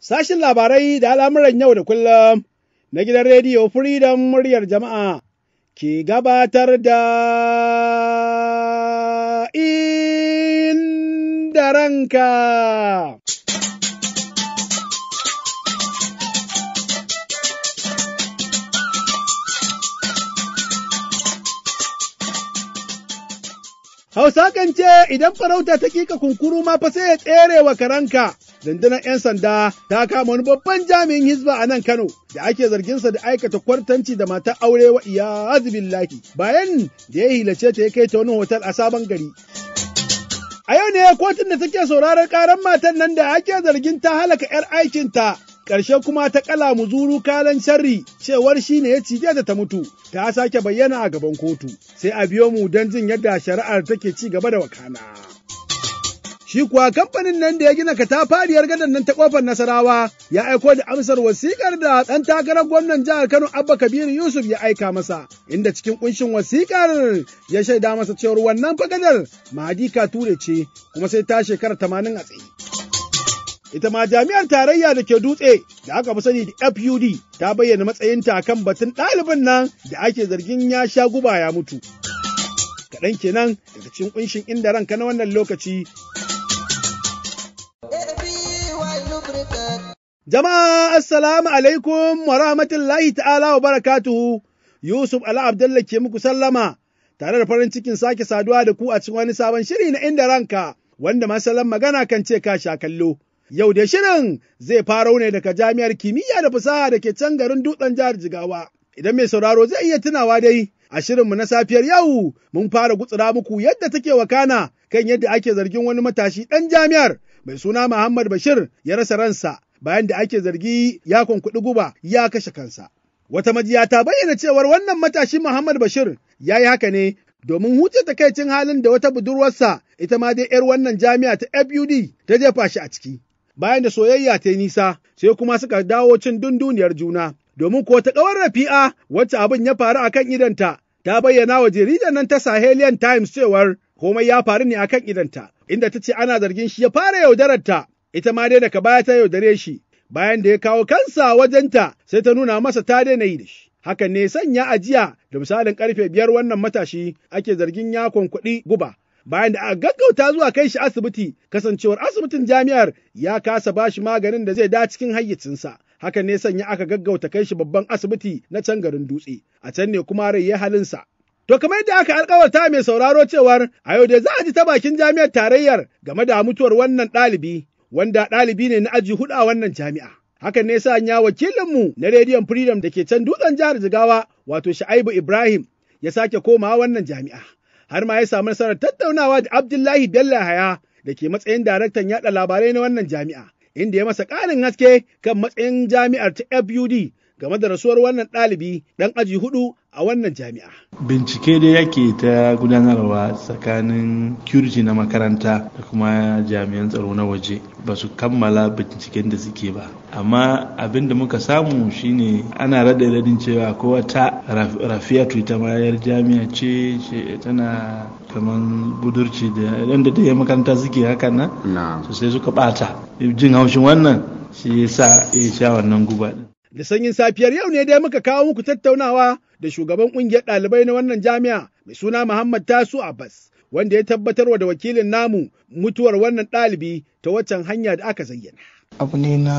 Sashin labarai da al'amuran yau da kullum na gidan rediyo Freedom muryar jama'a ke gabatar da inda ranka. Hausa kan ce idan farauta ta kika kunkuru ma fa sai ya tsere wa karanka. rundunar 'yan sanda ta kama wani babban jami'in hizba a nan Kano da ake zarginsa da aikata kwartanci da matar aure wa iyazu billahi bayan da ya hilace ta ya kai ta wani hotel a sabon gari. A yau ne kotun da take sauraron karan matan nan da ake zargin ta halaka 'yar aikinta ƙarshe kuma ta kala muzuru kalan sharri cewar shi ne ya cije da ta mutu ta sake bayyana a gaban kotu sai a biyo mu don jin yadda shari'ar take ci gaba da wakana. Shi kuwa kamfanin nan da ya gina katafariyar gadon nan ta kofar Nasarawa ya aiko da amsar wasikar da ɗan takarar gwamnan jihar Kano Abba Kabiru Yusuf ya aika masa, inda cikin kunshin wasikar ya shaida masa cewar wannan fagadar Mahadi ture ce kuma sai ta shekara tamanin a tsaye. Ita ma jami'ar tarayya da ke dutse da aka fi sani da FUD ta bayyana matsayinta kan batun ɗalibin nan da ake zargin ya sha guba ya mutu. kaɗan kenan daga cikin ƙunshin inda ranka na wannan lokaci Jama'a assalamu alaikum wa rahmatullahi ta'ala wa barakatuhu Yusuf ali Abdullah ke muku sallama tare da farin cikin sake saduwa da ku a cikin wani sabon shiri na inda ranka wanda masallan magana kan ce ka sha kallo. Yau da shirin zai faro ne daga jami'ar kimiyya da fasaha da ke can garin dutsen jihar Jigawa. Idan mai sauraro zai iya tunawa dai a shirinmu na safiyar yau mun fara gutsura muku yadda take wakana kan yadda ake zargin wani matashi ɗan jami'ar mai suna Muhammad Bashir ya rasa ransa bayan da ake zargi ya kunkuɗi guba ya kashe kansa. Wata majiya ta bayyana cewar wannan matashi Muhammad Bashir ya yi haka ne domin huce takaicin halin da wata budurwarsa ita ma dai 'yar wannan jami'a ta FUD ta jefa shi a ciki. Bayan da soyayya ta yi nisa sai kuma suka dawo cin dunduniyar juna domin ko ta ƙawar rafi'a wacce abin ya faru akan idanta ta bayyana wa jaridar nan ta Sahelian Times cewar komai ya faru ne akan idanta inda ta ce ana zargin shi ya fara yaudararta ita ma dai daga baya ta yaudare shi bayan da ya kawo kansa wajenta sai ta nuna masa ta daina yi da shi. Hakan ne sanya ajiya da misalin karfe biyar wannan matashi ake zargin ya kuɗi guba. Bayan da a gaggauta zuwa kai shi asibiti, kasancewar asibitin jami'ar ya kasa bashi maganin da zai da cikin hayyacinsa. Hakan ne sanya aka gaggauta kai shi babban asibiti na can garin dutse, a can ne kuma rai ya halinsa. To kamar yadda aka alkawarta mai sauraro cewar a yau da za a ji ta bakin jami'ar tarayyar game da mutuwar wannan ɗalibi wanda ɗalibi ne na aji hudu a wannan jami'a. Hakan ne sa ya wakilinmu na rediyon Freedom da ke can dutsen jihar Jigawa wato Sha'ibu Ibrahim ya sake komawa wannan jami'a. Har ma ya samu nasarar tattaunawa da Abdullahi Bello Haya da ke matsayin daraktan yaɗa labarai na wannan jami'a. Inda ya masa ƙarin haske kan matsayin jami'ar ta FUD game da rasuwar wannan ɗalibi ɗan aji hudu a wannan jami'a. Bincike dai yake ta gudanarwa tsakanin kirji na makaranta da kuma jami'an tsaro na waje ba su kammala binciken da suke ba. Amma abin da muka samu shine ana rada radin cewa ko wata rafiya ita ma yar jami'a ce tana kaman budurci da yadda da makaranta suke hakan nan. sai suka bata. Jin haushin wannan shi yasa ya sha wannan guba Da sanyin safiyar yau ne dai muka kawo muku tattaunawa da shugaban ƙungiyar ɗalibai na wannan jami'a mai suna Muhammad Tasu Abbas, wanda ya tabbatarwa da wakilin namu mutuwar wannan ɗalibi ta waccan hanya da aka zayyana. abu ne na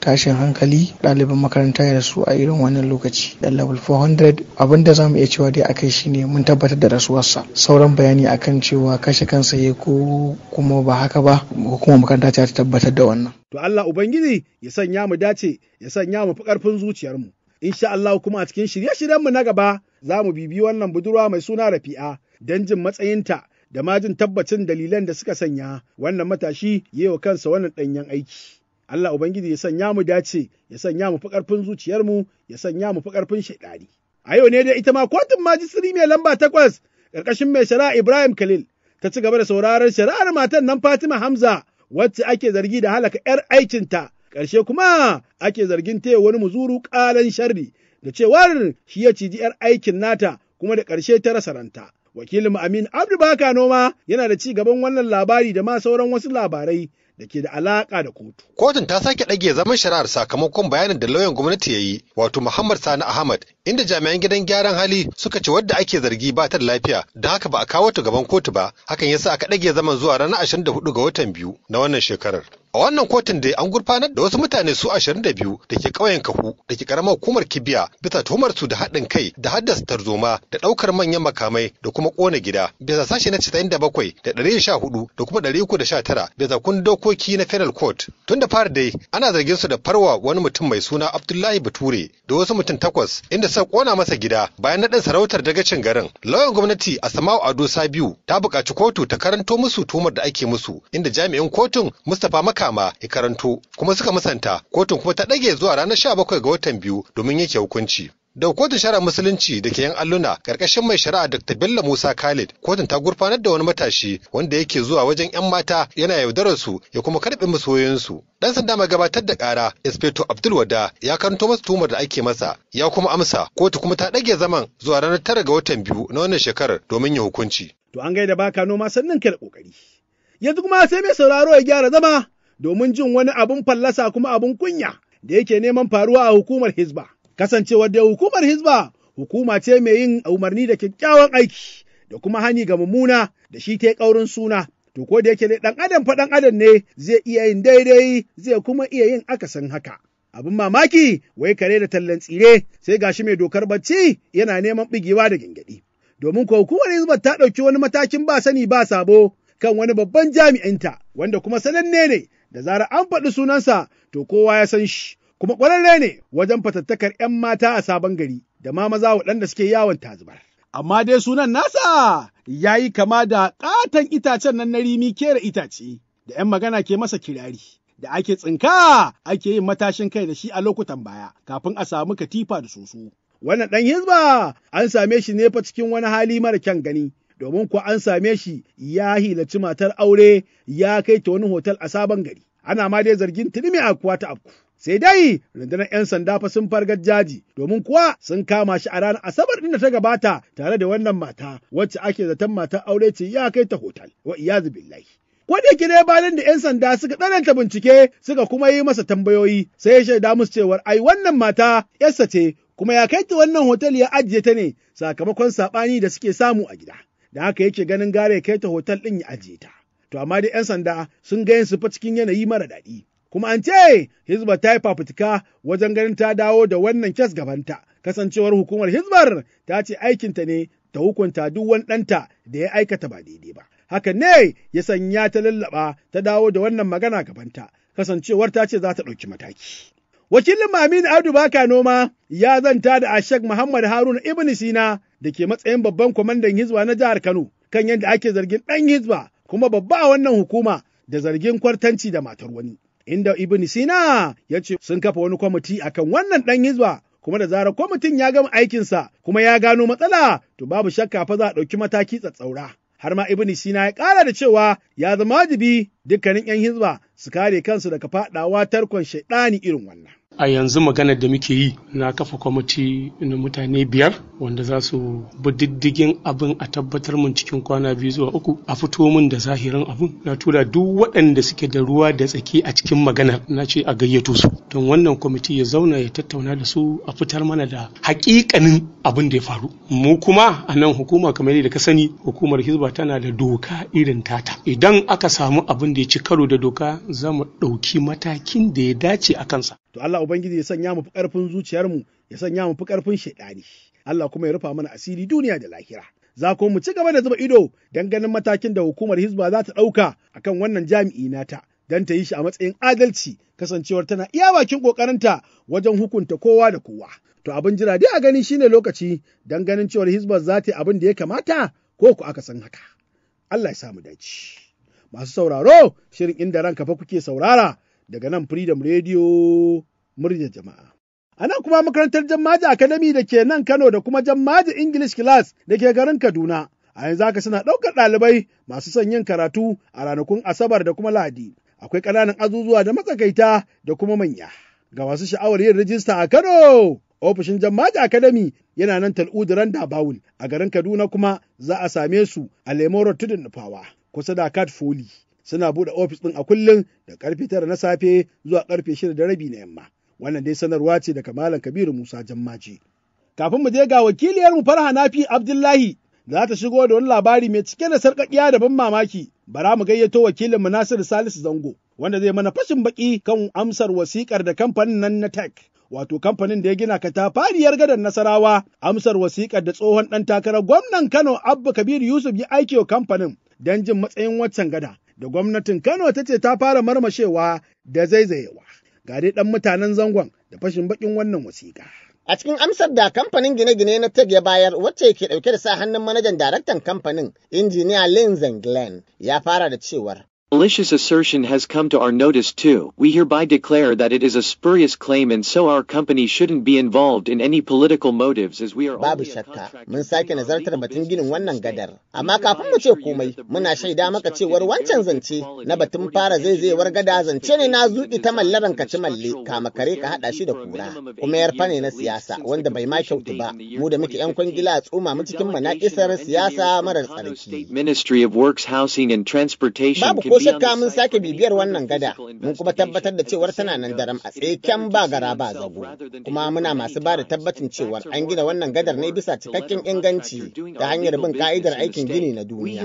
tashin hankali ɗaliban makaranta ya rasu a irin wannan lokaci da level 400 abin da mu iya cewa dai akai ne mun tabbatar da rasuwarsa sauran bayani akan cewa kashe kansa ya ko kuma ba haka ba hukumar makaranta ta tabbatar da wannan to Allah ubangiji ya sanya mu dace ya sanya mu fi karfin zuciyarmu insha Allah kuma a cikin shirye mu na gaba za mu bibi wannan budurwa mai suna Rafi'a don jin matsayinta da ma jin tabbacin dalilan da suka sanya wannan matashi ya yi wa kansa wannan ɗanyen aiki. Allah Ubangiji ya sanya mu dace, ya sanya mu fi ƙarfin zuciyarmu, ya sanya mu fi ƙarfin shaiɗari. A yau ne da ita ma kotun majistiri mai lamba takwas ƙarƙashin mai shari'a Ibrahim Khalil ta ci gaba da sauraron shari'ar matan nan Fatima Hamza wacce ake zargi da halaka 'yar aikinta ƙarshe kuma ake zargin taya wani muzuru ƙalan sharri da cewar shi ya ciji 'yar aikin nata kuma da ƙarshe ta rasa ranta. Wakilin Amin Abdubaka Noma yana da ci gaban wannan labari da ma sauran wasu labarai da ke da alaka da kotu. Kotun ta sake ɗage zaman shari'ar sakamakon bayanin da lauyan gwamnati ya yi, wato Muhammad Sani Ahmad, inda jami'an gidan gyaran hali suka ci wadda ake zargi ba ta da lafiya, don haka ba a kawo ta gaban kotu ba, hakan yasa aka ɗage zaman zuwa ranar 24 ga watan biyu na wannan shekarar. A wannan kotun dai an gurfanar da wasu mutane su 22 da ke ƙauyen Kahu da ke ƙaramar hukumar Kibiya bisa tuhumar su da haɗin kai da haddasa tarzoma da ɗaukar manyan makamai da kuma ƙona gida bisa sashe na 97 da 114 da kuma 319 bisa kun dokoki na Federal Court. Tun da fara dai ana zargin su da farwa wani mutum mai suna Abdullahi Bature da wasu mutum takwas inda suka ƙona masa gida bayan naɗin sarautar dagacin garin. Lauyan gwamnati asama'u Ado Sabiu ta buƙaci kotu ta karanto musu tuhumar da ake musu inda jami'in kotun Mustapha Maka kama ya karanto kuma suka musanta kotun kuma ta ɗage zuwa ranar bakwai ga watan biyu domin yake hukunci. da kotun shara musulunci da ke yan alluna karkashin mai shari'a dr bello musa khalid kotun ta gurfanar da wani matashi wanda yake zuwa wajen yan mata yana yaudarar su ya kuma karbe musu wayoyinsu dan sanda mai gabatar da kara inspector abdul wada ya karanto masa tuhumar da ake masa ya kuma amsa kotu kuma ta ɗage zaman zuwa ranar tara ga watan biyu na wannan shekarar domin ya hukunci to an gaida baka noma sannan kai da kokari yanzu kuma sai mai sauraro ya gyara zama domin jin wani abin fallasa kuma abin kunya da yake neman faruwa a hukumar Hizba. Kasancewar da hukumar Hizba hukuma ce mai yin umarni da kyakkyawan aiki da kuma hani ga mummuna da shi ta ƙaurin suna. To ko da yake ɗan adam fa ɗan adam ne zai iya yin daidai zai kuma iya yin akasin haka. abin mamaki wai kare da tallan tsire sai gashi mai dokar bacci yana neman bigewa da gingadi. Domin ko hukumar Hizbar ta ɗauki wani matakin ba sani ba sabo kan wani babban jami'inta wanda kuma sananne ne da zarar an faɗi sunansa to kowa ya san shi, kuma ƙwararre ne wajen fatattakar ‘yan mata a sabon gari da ma maza waɗanda suke yawon tazubar. Amma dai sunan nasa ya yi kama da ƙaton itacen nan na rimi kera itace da ‘yan magana ke masa kirari. Da ake tsinka ake yin matashin kai da shi a lokutan baya kafin a samu katifa da soso. Wannan ɗan hizba an same shi ne fa cikin wani hali mara kyan gani domin kuwa an same shi ya hilaci matar aure ya kai ta wani hotel a sabon gari. Ana ma dai zargin tilimi a kuwa ta afku. Sai dai rundunar 'yan sanda fa sun fargar jaji domin kuwa sun kama shi a ranar Asabar ɗin da ta gabata tare da wannan mata wacce ake zaton matar aure ce ya kai ta hotel wa iyazu billahi. Ko da dai bayan da 'yan sanda suka tsananta bincike suka kuma yi masa tambayoyi sai ya shaida musu cewar ai wannan mata 'yarsa ce kuma ya kai ta wannan hotel ya ajiye ta ne sakamakon saɓani da suke samu a gida. da haka yake ganin gare kai ta hotel ɗin ya ajiye ta. To amma dai 'yan sanda sun ga yin fa cikin yanayi mara daɗi. Kuma an ce Hizba ta yi fafutuka wajen ganin ta dawo da wannan kes gabanta. Kasancewar hukumar Hizbar ta ce aikinta ne ta hukunta duk wani ɗanta da ya aikata ba daidai ba. Haka ne ya sanya ta lallaɓa ta dawo da wannan magana gabanta. Kasancewar ta ce za ta ɗauki mataki. Wakilin Mamin Abdu Baka Noma ya zanta da Ashek Muhammad Haruna Ibn Sina da ke matsayin babban kwamandan hizba na jihar Kano kan yadda ake zargin ɗan hizba kuma babba a wannan hukuma da zargin kwartanci da matar wani. Inda Ibn Sina ya ce sun kafa wani kwamiti akan wannan ɗan hizba kuma da zarar kwamitin ya gama aikinsa kuma ya gano matsala to babu shakka fa za a ɗauki mataki tsatsaura. har ma Ibn Sina ya ƙara da cewa ya zama wajibi dukkanin ‘yan hizba su kare kansu daga faɗawa tarkon shaiɗani irin wannan. a yanzu maganar da muke yi na kafa kwamiti na mutane biyar wanda za su bi diddigin abin a tabbatar mun cikin kwana biyu zuwa uku a fito min da zahirin abin na tura duk waɗanda suke da ruwa da tsaki a cikin maganar na ce a gayyato su don wannan kwamiti ya zauna ya tattauna da su a fitar mana da hakikanin abin da ya faru mu kuma a nan hukuma kamar yadda ka sani hukumar hizba tana da doka irin tata idan aka samu abin da ya ci karo da doka za mu ɗauki matakin da ya dace a kansa Ubangiji ya sanya mu fi ƙarfin zuciyarmu ya sanya mu fi ƙarfin shaiɗani. Allah kuma ya rufa mana asiri duniya da lahira. Za ko mu ci gaba da zuba ido don ganin matakin da hukumar Hizba za ta ɗauka a kan wannan jami'i nata don ta yi shi a matsayin adalci kasancewar tana iya bakin ƙoƙarinta wajen hukunta kowa da kowa. To abin jira dai a gani shine lokaci don ganin cewar Hizba za ta yi abin da ya kamata ko ku aka san haka. Allah ya samu dace. Masu sauraro shirin inda ranka fa kuke saurara daga nan Freedom Radio murya jama'a. A nan kuma makarantar Jammaji Academy da ke nan Kano da kuma Jammaji English Class da ke garin Kaduna. A yanzu haka suna ɗaukar ɗalibai masu son yin karatu a ranakun Asabar da kuma Lahadi. Akwai ƙananan azuzuwa da matsakaita da kuma manya. Ga masu sha'awar yin rijista a Kano, ofishin Jammaji Academy yana nan tal'uduran Dabawul a garin Kaduna kuma za a same su a Lemoro Tudun Nufawa kusa da Kat Foli. Suna buɗe ofis ɗin a kullum da ƙarfe tara na safe zuwa ƙarfe shida da rabi na yamma. wannan dai sanarwa ce daga malam kabiru musa jammaji kafin mu je ga wakiliyarmu farha nafi abdullahi za ta shigo da wani labari mai cike da sarƙaƙiya da ban mamaki bara mu gayyato wakilin mu nasiru salisu zango wanda zai mana fashin baki kan amsar wasikar da kamfanin nan na tech wato kamfanin da ya gina katafariyar Gadon nasarawa amsar wasikar da tsohon ɗan takarar gwamnan kano abba Kabiru yusuf ya aiki wa kamfanin don jin matsayin waccan gada da gwamnatin kano ta ce ta fara marmashewa da zaizayewa ga dai ɗan mutanen zangon da fashin baƙin wannan wasiƙa. A cikin amsar da kamfanin gine-gine na TEG ya bayar wacce ke ɗauke da sa hannun manajan daraktan kamfanin, injiniya Lin Zenglen ya fara da cewar Malicious assertion has come to our notice too. We hereby declare that it is a spurious claim and so our company shouldn't be involved in any political motives as we are Babu shakka mun sake nazartar batun ginin wannan gadar. Amma kafin mu ce komai muna shaida maka cewar wancan zance na batun fara zaizayewar gada zance ne na zuƙi ta mallaban ka ci malle kama kare ka haɗa shi da kura kuma yarfa ne na siyasa wanda bai ma kyautu ba mu da muke yan kwangila a tsoma mu cikin manaƙisar siyasa marar tsarki. Ministry of Works Housing and Transportation ko shakka mun sake bibiyar wannan gada mun kuma tabbatar da cewar tana nan daram a tsaye ba gara ba zago kuma muna masu ba da tabbacin cewar an gina wannan gadar ne bisa cikakken inganci ta hanyar bin ka'idar aikin gini na duniya.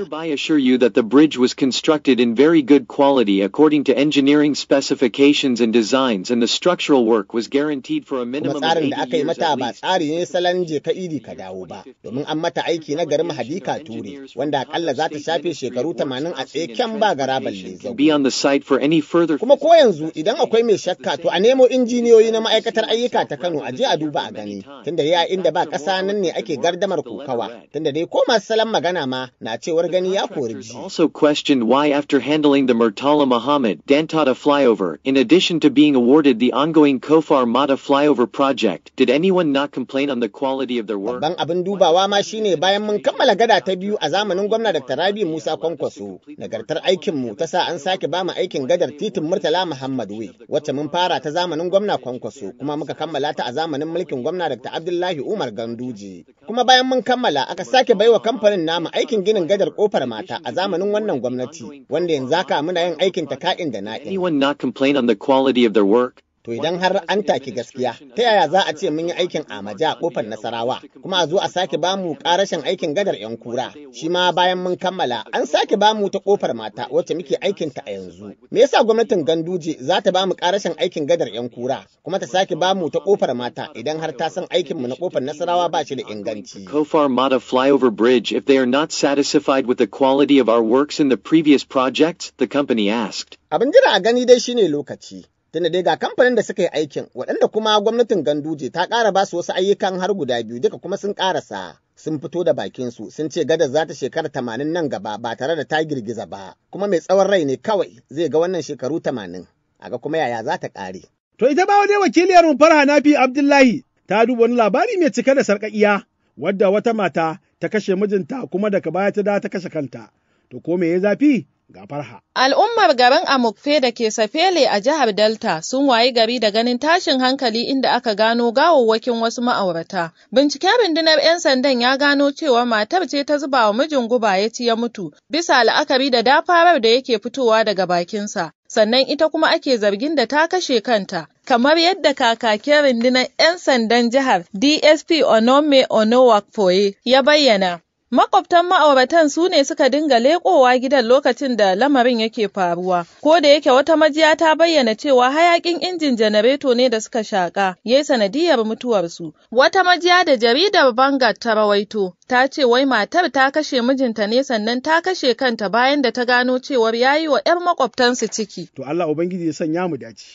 bridge was constructed in very good quality according to engineering specifications and designs and the structural work was guaranteed for a minimum of 80 years Kuma tsarin da aka yi mata ba tsari ne salon je ka iri ka dawo ba domin an mata aiki na garin Hadika Ture wanda akalla za ta shafe shekaru 80 a tsaye ba gara balle be for any further kuma ko yanzu idan akwai mai shakka to a nemo injiniyoyi na ma'aikatar ayyuka ta Kano a je a duba a gani tunda ya inda ba ƙasa nan ne ake gardamar kokawa tunda dai ko masu salon magana ma na cewar gani ya kori ji also questioned why after handling the Murtala Muhammad Dantata flyover in addition to being awarded the ongoing Kofar Mata flyover project did anyone not complain on the quality of their work babban abin dubawa ma shine bayan mun kammala gada ta biyu a zamanin gwamna Dr. Rabi Musa Kwankwaso nagartar aikin mu ta sa an sake ba mu aikin gadar titin Murtala Muhammad Wai, wacce mun fara ta zamanin gwamna Kwankwaso kuma muka kammala ta a zamanin mulkin gwamna Dr. Abdullahi Umar Ganduje. Kuma bayan mun kammala aka sake baiwa kamfanin namu aikin ginin gadar kofar mata a zamanin wannan gwamnati, wanda yanzu aka muna yin aikin ta ka'in da na'in. Anyone not complain on the quality of their work? To idan har an take gaskiya, ta yaya za a ce mun yi aikin amaja a kofar Nasarawa, kuma a zo a sake ba mu karashin aikin gadar 'yan kura, shi ma bayan mun kammala an sake ba mu ta kofar mata wacce muke aikin ta a yanzu. Me yasa gwamnatin Ganduje za ta ba mu karashin aikin gadar 'yan kura, kuma ta sake ba mu ta kofar mata idan har ta san aikin mu na kofar Nasarawa ba shi da inganci. Kofar Mata flyover bridge if they are not satisfied with the quality of our works in the previous projects, the company asked. Abin jira a gani dai shine lokaci. tunda dai ga kamfanin da suka yi aikin waɗanda kuma gwamnatin ganduje ta ƙara ba su wasu ayyukan har guda biyu duka kuma sun ƙarasa sun fito da bakinsu sun ce gadar za ta shekara tamanin nan gaba ba tare da ta girgiza ba kuma mai tsawon rai ne kawai zai ga wannan shekaru tamanin a ga kuma yaya za ta ƙare. to ita ba wani wakiliyar mu farha nafi abdullahi ta duba wani labari mai cike da sarƙaƙiya wadda wata mata ta kashe mijinta kuma daga baya ta da ta kashe kanta to ko me ya zafi ga farha. Al'ummar garin Amukfe da ke Safele a jihar Delta sun wayi gari da ganin tashin hankali inda aka gano gawawwakin wasu ma'aurata. Binciken rundunar 'yan sandan ya gano cewa matar ce ta zuba wa mijin guba ya ci ya mutu, bisa la'akari da dafarar da yake fitowa daga bakinsa. Sannan ita kuma ake zargin da ta kashe kanta, kamar yadda kakakin rundunar 'yan sandan jihar DSP Onome Onowakfoye ya bayyana. Makwabtan ma'auratan su ne suka dinga leƙowa gidan lokacin da lamarin yake faruwa, ko da yake wata majiya ta bayyana cewa hayakin injin janareto ne da suka shaƙa ya yi sanadiyar mutuwarsu. Wata majiya da jaridar banga ta rawaito ta ce wai matar ta kashe mijinta ne sannan ta kashe kanta bayan da ta gano cewar ya yi wa 'yar makwabtansu ciki. To Allah Ubangiji ya sanya mu dace.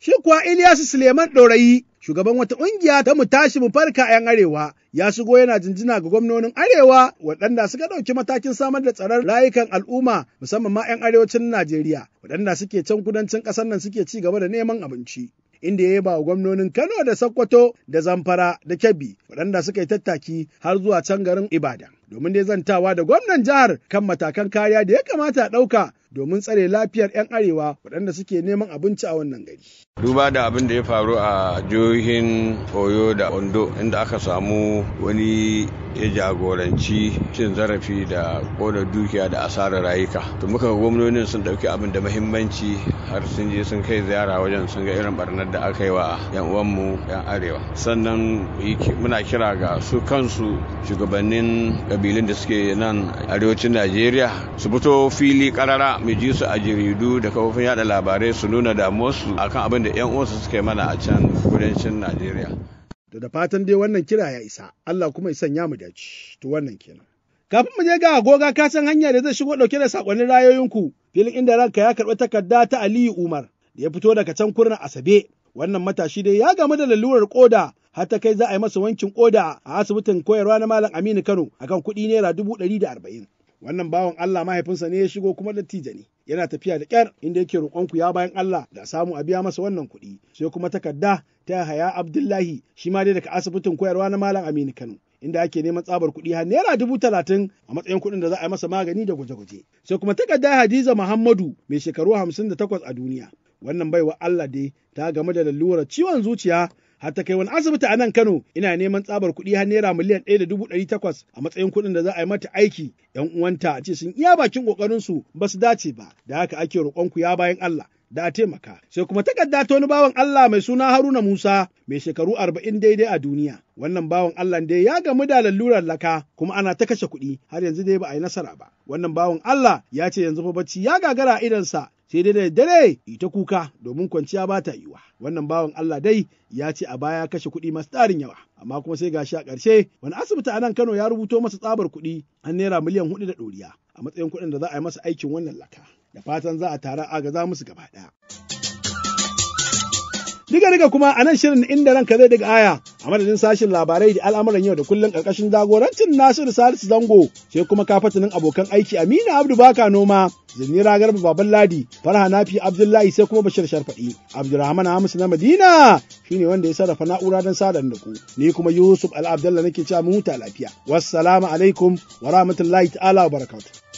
Shi kuwa Ilyasu Suleiman Ɗorayi shugaban wata ƙungiya ta mu tashi mu farka 'yan arewa ya shigo yana jinjina ga gwamnonin arewa waɗanda suka ɗauki matakin samar da tsaron layukan al'umma musamman ma 'yan arewacin najeriya waɗanda suke can kudancin ƙasar nan suke ci gaba da neman abinci inda ya yi wa gwamnonin kano da sokoto da zamfara da kebbi waɗanda suka yi tattaki har zuwa can garin ibadan domin dai zantawa da gwamnan jihar kan matakan kariya da ya kamata a ɗauka domin tsare lafiyar 'yan arewa waɗanda suke neman abinci a wannan gari. Duba da abin da ya faru a jihohin Oyo da Ondo inda aka samu wani ya jagoranci cin zarafi da ƙona dukiya da asarar rayuka. To muka gwamnonin sun ɗauki abin da mahimmanci har sun je sun kai ziyara wajen sun ga irin barnar da aka yi wa 'yan uwanmu 'yan arewa. Sannan muna kira ga su kansu shugabannin ƙabilun da suke nan arewacin Najeriya su fito fili ƙarara mu ji su a jaridu da kafofin yada labarai su nuna damuwarsu akan abin da 'yan uwansu suke mana a can kudancin Najeriya. To da fatan dai wannan kira ya isa, Allah kuma ya sanya mu dace, to wannan kenan. Kafin mu je ga agoga ka san hanya da zai shigo ɗauke da saƙonnin rayoyinku, filin inda ranka ya karɓi takarda ta Aliyu Umar da ya fito daga can kurna Asabe. Wannan matashi dai ya gamu da lalurar koda har ta kai za a yi masa wankin koda a asibitin koyarwa na Malam Aminu Kano akan kuɗi naira dubu ɗari da arba'in. wannan bawan Allah mahaifinsa ne ya shigo kuma dattija ne yana tafiya da kyar inda yake roƙonku ya bayan Allah da samu a biya masa wannan kuɗi sai kuma takarda ta haya Abdullahi shi ma dai daga asibitin koyarwa na Malam Aminu Kano inda ake neman tsabar kuɗi har naira dubu talatin a matsayin kuɗin da za a yi masa magani da gwaje-gwaje sai kuma takarda Hadiza Muhammadu mai shekaru hamsin da takwas a duniya wannan baiwa Allah dai ta game da lalurar ciwon zuciya har ta kai wani asibiti a nan Kano ina neman tsabar kuɗi har naira miliyan ɗaya da dubu ɗari takwas a matsayin kuɗin da za a yi mata aiki ‘yan uwanta ce sun iya bakin ƙoƙarinsu ba su dace ba da haka ake roƙonku ya bayan Allah da a taimaka. Sai kuma takarda ta wani bawan Allah mai suna Haruna Musa mai shekaru arba'in daidai a duniya. Wannan bawan Allah dai ya gamu da lalurar laka kuma ana ta kashe kuɗi har yanzu dai ba a yi nasara ba. Wannan bawan Allah ya ce yanzu fa bacci ya gagara idansa sai dai da dare ita kuka domin kwanciya ba ta yiwa wannan bawan Allah dai ya ce a baya kashe kuɗi masu tarin yawa amma kuma sai gashi a ƙarshe wani asibiti a nan Kano ya rubuto masa tsabar kuɗi an naira miliyan hudu da ɗoriya a matsayin kuɗin da za a yi masa aikin wannan laka da fatan za a tara agaza musu gaba ɗaya. Diga-diga kuma a nan shirin inda ranka zai daga aya a madadin sashin labarai da al'amuran yau da kullum ƙarƙashin jagorancin Nasiru Salisu Zango sai kuma kafatanin abokan aiki Aminu Abdu Baka Noma Zinira Garba Baban Ladi Farha Nafi Abdullahi sai kuma Bashir Sharfaɗi Abdulrahman Hamisu na Madina ne wanda ya sarrafa na'ura don sadar da ku ni kuma Yusuf Al-Abdullah nake cewa mu huta lafiya wassalamu alaikum wa rahmatullahi ta'ala wa barakatuh